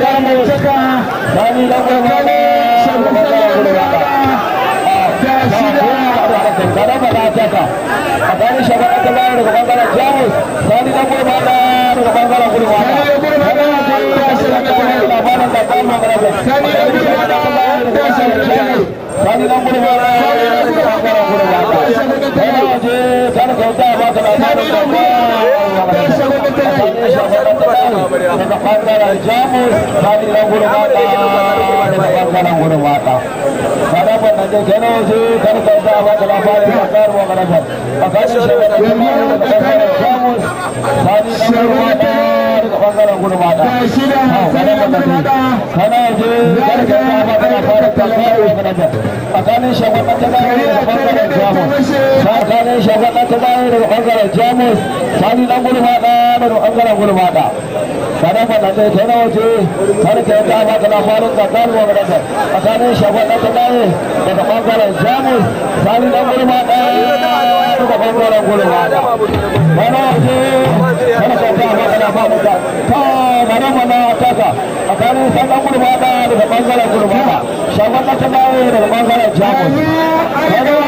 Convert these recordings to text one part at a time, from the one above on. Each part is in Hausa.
các em trước đoàn đồng đồng daga ɓangaren jamus sani na gurmata daga ɓangaren gurmata karabar na je kenan su karkar da ba ta labarin kakar sani sani da bangaren gulmada sanan faɗaɗe ta yana wace tarke ta ba ta labarin tsakanin wa da tsakanin shagon da ta laye daga bangaren jamus sani dan gulmada daga bangaren gulmada wani wace yana kwanta ba ta labarin ta mana mana taka tsakanin sandan gulmada daga bangaren gulmada shagon da ta laye daga bangaren jamus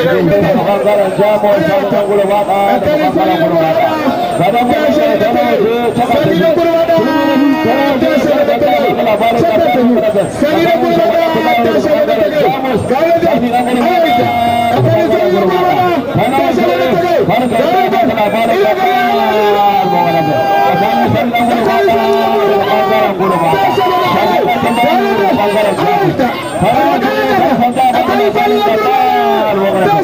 سيري كوروا دا 14 15 Claro,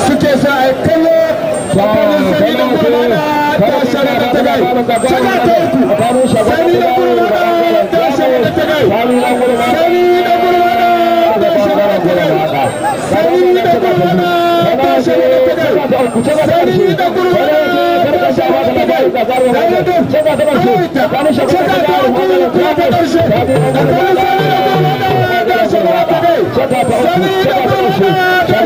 suke sa a kallo tsakanin sani da gurmana da shari da ta gai shiga ta uku sani da gurmana da shari da ta gai sani da gurmana da shari da ta gai sani da gurmana da shari da ta gai sani da gurmana da shari da ta gai sani da shiga ta uku shiga ta ƙarshe da gurmana da shari da ta gai da gurmana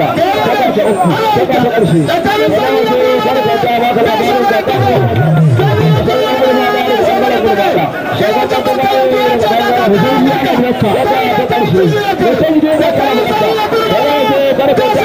maka ta karshe uku ta karshe karshe ta karshe ta baka labarin da ta karshe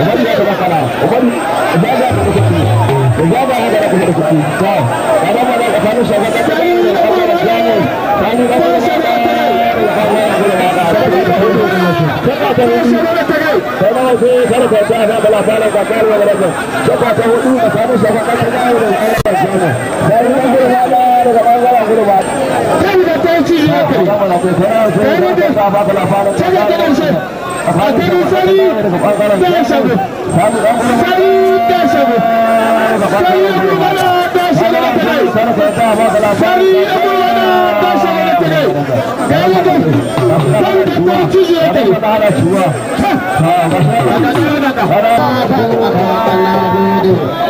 ubangi ya taba kana ubangi ba za ka kuka ci ba ba ba ka fara shi ga ta yi da kuma da jani ta ni da Thank you. Ataru Sani Dashabe Sani Dashabe Sani Abubana Dashabe na Tenai Sani Abubana Dashabe na Tenai Gaya ko Sani da ko tuju ya tani Ana ni ana ka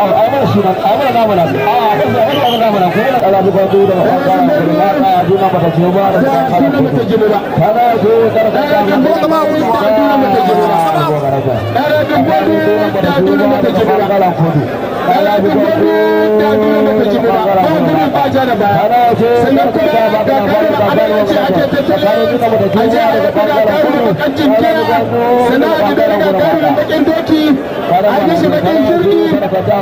ai mana shi mana namu a ba mana ka na ka ji ka kala ko ta ka ka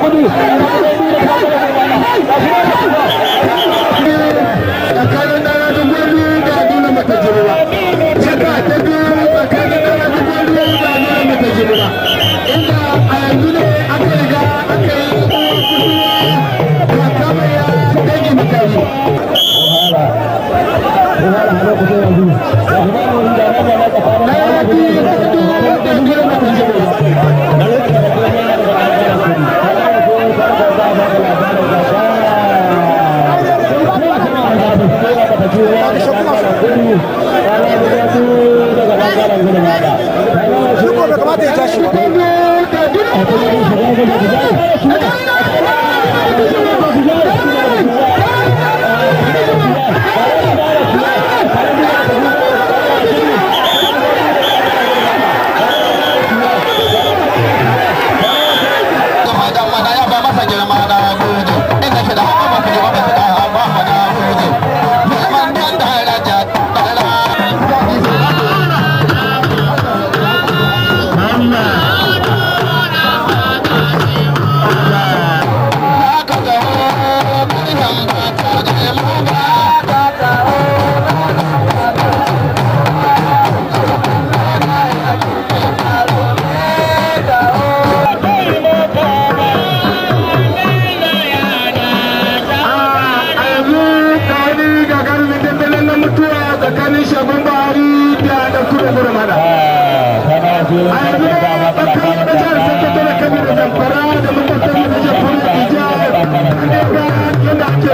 不对。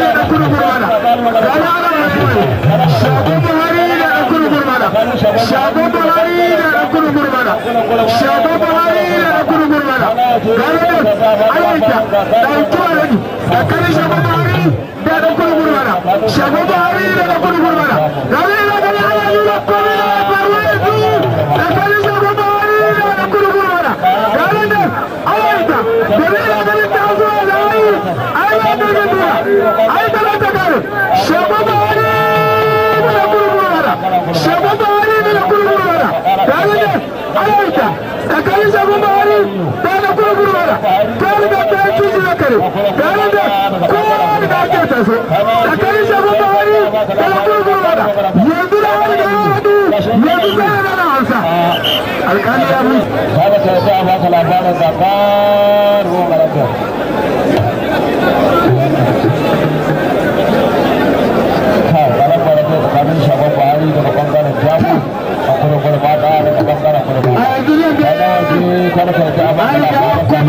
buhari da kudu ana mutumin shago buhari da kudu gurmana shago buhari da kudu gurmana shago buhari da da buhari buhari tare da kowa da ake taso tsakanin shafin bawari da lafiyar yanzu da wani da yanzu za a nana hansa ya fi ba da sai a baka labarin zaɓar baraka tsakanin shafin bawari daga a kuma gurmada daga da ya yi a baka labarin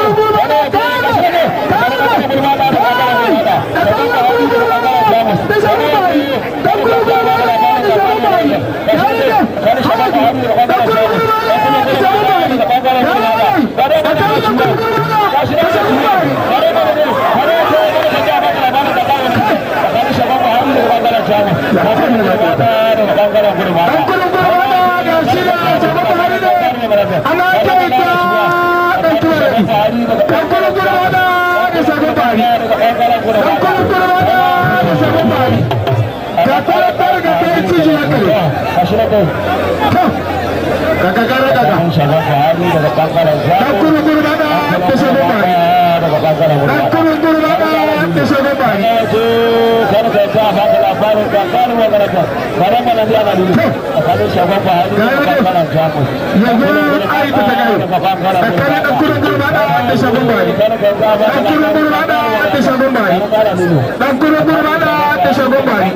kashi na kaka kaka ba da bisa da ba daga ba da bisa da ba ne ba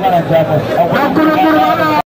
da bisa da